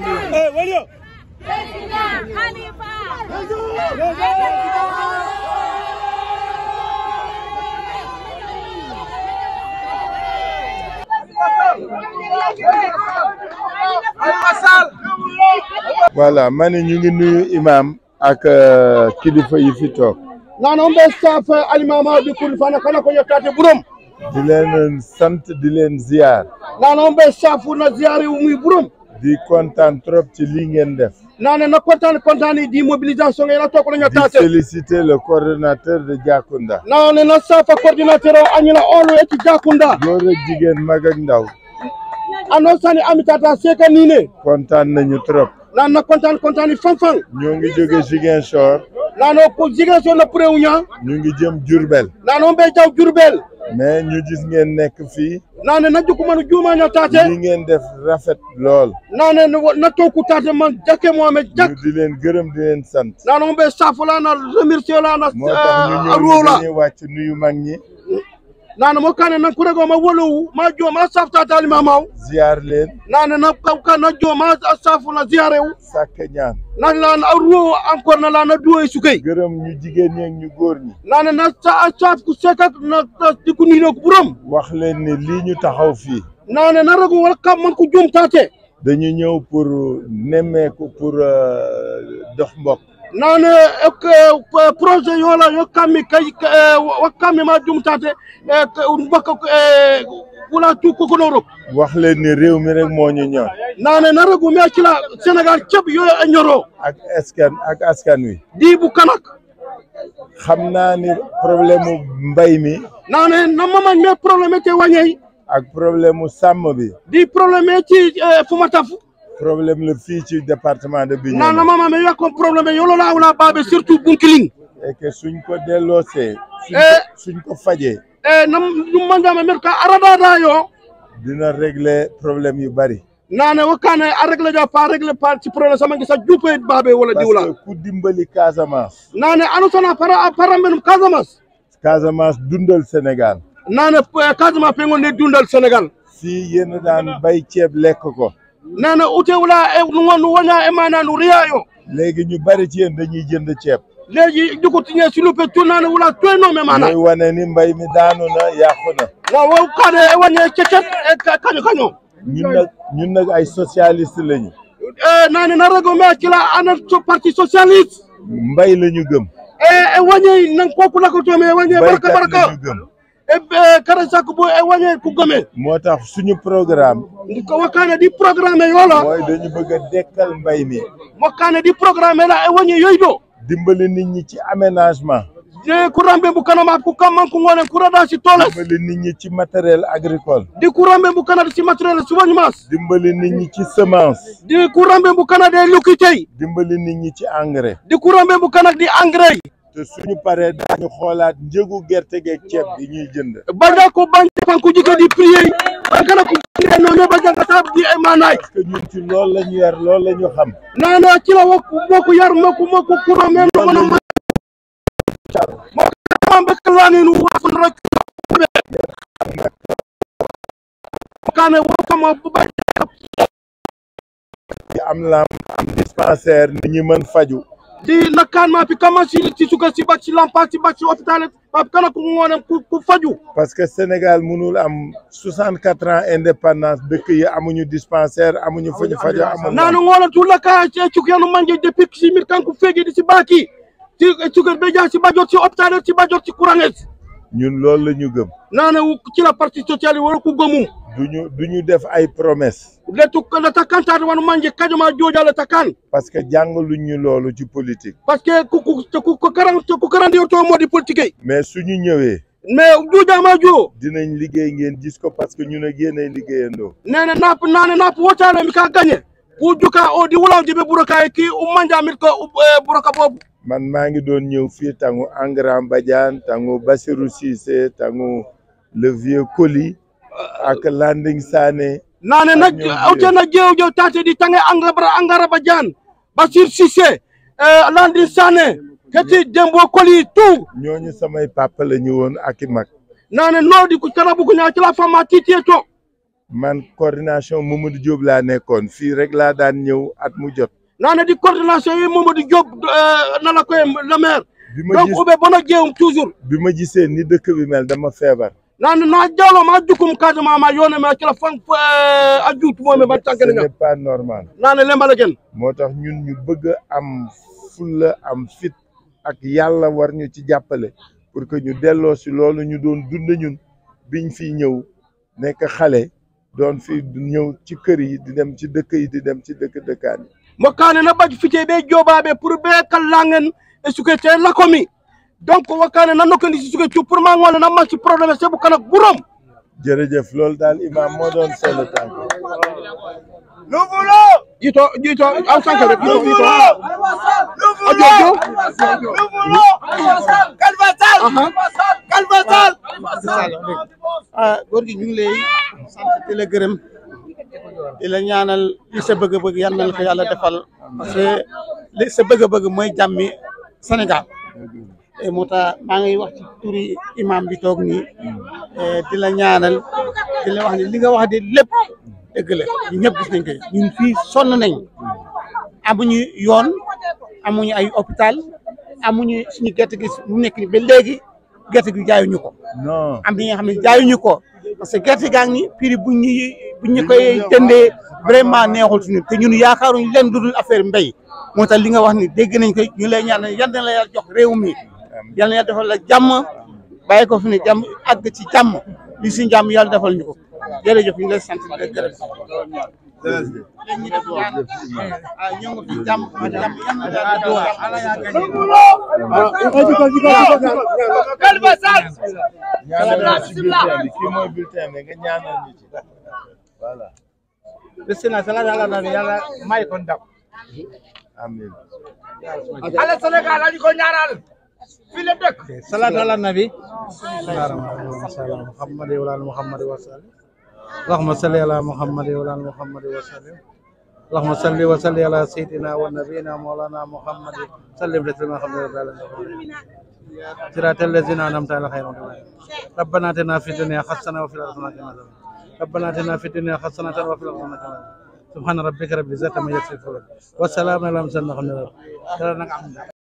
Président eh, voilà ma ne ñu ngi nuyu imam ak euh, kilifa yi fi toog naanoom be saf alimama di kul fana kana ko yeftaate burom di len sant di len ziar naanoom be staff na ziar yu muy di kontaan trop ci lii ngeen def. naa ne na kontaan kontaan di mobilisation ngeen a toog ko ñoo taate. di féliciter le coordonnateur de Diakounda. naa na safa coordinateur o añuna oolu e ci Diakounda. góor ak jigéen mag ak ndaw. ano sani amitata seeka kontaan nañu trop. naa na kontaan kontaan fan-fan. ñoo ngi jóge Ziguinchor. naa noo ko Ziguinchor na purewu ñaa. ñu ngi jëm Diourbel. naa noo jaw Diourbel. mais ñu gis ngeen nekk fii. naa ne na juku manu juumaaño taate li ngeen def rafet lool naa ne na tooku taate man jakke moome jak di leen gërëm di leen sant naa noon be saafo laa na remercier laa na moo tax ñu ñëw wàcc mag ñi nane mo kane nan kurego ma wolowu ma jooma saftatali mamaw ziyar len nane na kawka na jooma safuna ziyare wu sakka ñaan a ruwo encore na lan a duwoy sukay gërëm ñu jigéen ñi ak nane na sa saaf ku sekak na di ku niino ku buram wax leen ni lii ñu taxaw fii nane na rago wala kam man ku jum taate dañu ñëw pour nemmeeku pour euh, dox mbokk naane euh, euh, projet yola yo kammi kay euh, ma jumtate mbokka wula tu kokonoro wax leen réew mi rek moo naane na regu me ci la Sénégal a ñoroo ak askan ak askan wi di bu xam naa ni problème mu mbay mi naane na mamañ me problème te wàññey ak problème mu sàmm bi di problème ci fu ma taf problème la fii ci département de Bignona. non non maman mais yow comme problème yow loolaa wala baabe surtout suñ ko delloosee. Eh. suñ ko fajee. Eh, nam ɗum manjama mbiɗa ka araɗaɗa dina réglé probléme yu bari nane wokkane a réglé ja pa réglé pa ci probléme samanke sa juupe ku dimbali casamance nane ano sona para paramɓe ɗum dundal sénégal nane eh, casamance pe gonde dundal sénégal si yeno ɗan bay ceeb lekk ko nee na utewulaa e nu wona e léegi ñu bari ci yéen dañuy jënd ceeb léegi jukutiñe silupe tunnaane wula toynoome maana muy wane ni mbay mi daanu na yàqu na wa wow kaane e wane cecet e ay socialiste lañu e, naane na rago me kila ana parti socialiste mbay la ñu gëm e e wañey nan kooku lakotoome wañe baraka baraka Eh, eh, kara sakku bo e eh, wañe ku moo tax suñu programme ndi ko wakkaane di programme yoola mooy dañu bëgg a dekkal mbay mi wakkaane di programme la e wañe yoydo dimbali nit ñi ci aménagement de kurambe bu kanama ku kamman ku ngone kurada si toles nit ñi ci matériel agricole di kurambe bu kanada si matériel subañumas dimbali nit ñi ci semence di kurambe bu kanada e lukitey dimbali nit ñi ci engrais di kurambe bu kanada di engrais te suñu paree daañu xoolaat njëgu gerte geeg ceeb bi ñuy jënd baga ko bañjapal di prier bagala ko bane noone di ay maanaay parce que ci ñu yar loolu ñu xam naanoo ci la wokk yar moo ko moo ko kuro men no am bakal laa ne nu waafun rek kaane wokkama bu bañ am la am dispensaire ni mën faju Lakini mapi kama chisuka sibaci lampa sibaci hôpital mapi kana ku ngoonam faju parce que Sénégal mënul am soixante quatre ans indépendance dëkk amuñu dispensaire amuñu fuñu fajo amuñu naanu ngoonam tu laka cukiyanu manje depuis simir kanku fegi di si baki ci cukar beja si bajot si hôpital si bajot ñun loolu la ñu gëm naana ci parti sociale yi wara duñu duñu def ay promes letu latakantaate wanu manje kajoma joojale takan parce que jàngaluñ ñu loolu ci politique parce que ku ku ko karan ku karandiyortoo moo di politique yi mais suñu ñëwee mais juujaamaa joo dinañ liggéey ngeen gis ko parce que ñu ne génnee liggéeyandoo nee na napp naa ne napp woccaale gañe ku jukaa o di wulaw jibe burokaay kii um manjaamit e, buroka boobu man maa ngi doon ñëw fii tangu Enguerrand Badiane tangu Bassirou Cissé tangu le vieux ak landing sane nane na utena jew jew tate di tange angara angara bajan basir sise eh, landing sane kati dembo koli tout ñooñu samay papa la ñu woon ak i mag no di ku tarabu ko la fama titie to man coordination Mamadou Diop laa nekkoon fii rek laa daan ñëw at mu jot nane di coordination yi Mamadou Diop eh, na la koy le ube bona jeewum toujours bi ma seen ni dëkk bi mel dama feebar nani na jalo ma jukum kadi mama yone ma kila fan a juut momi ba tànkale nga pas normal nani moo tax ñun ñu bëgg am fulla am fit ak yàlla war ñu ci jàppale pour que ñu delloo si loolu ñu doon dund ñun biñ fi ñëw nekk xale doon fi ñëw ci kër yi di dem ci dëkk yi di dem ci dëkk dëkkaan yi mokkaane na baj fitee be joobaabe pour be kallangen e suke te donc wakkaane nan no si suge cu pour maa ngoole nan maa ci problème sebu kanak burom jërëjëf loolu daal imam moo doon solo tànk lu bulo jiito jiito aw sànq rek ah góor gi ñu ngi lay sant la gërëm la ñaanal li sa bëgg-bëgg yal na yàlla defal parce que li sa bëgg mooy jàmmi Eh, moo tax maa ngi wax ci turi imam bi toog nii eh, di la ñaanal di la wax ne li nga wax de lépp dëgg la ñun ñëpp gis nañ ko fii sonn nañ amuñu yoon amuñ ay hopital amuñ suñu gerte gi mu nekk ni ba léegi gerte gi jaayuñu ko am bi nga xam ne jaayuñu ko parce que gerte gaa ngi prix buñ ñu buñ ñu koy jëndee vraiment neexul suñu te ñun yaakaaruñ leen dudul affaire mbéy moo tax li nga wax ni dégg nañ ko ñu lay ñaanal yan la yàlla jox réew mi yalla ya defal la jàmm baye ko fini ne ag ci li si jam, yalla defal ñuko jere ñu lay sant di jere Voilà. la dëkk salaat ala nabi muhammad wa muhammad muhammad اللهم صل وسلم على سيدنا ونبينا مولانا محمد سلم تسليما الحمد صراط الذين انعمت عليهم ربنا اتنا في الدنيا حسنه وفي الاخره حسنه ربنا اتنا في الدنيا حسنه وفي الاخره حسنه سبحان ربك رب العزه عما يصفون وسلام على المرسلين الحمد لله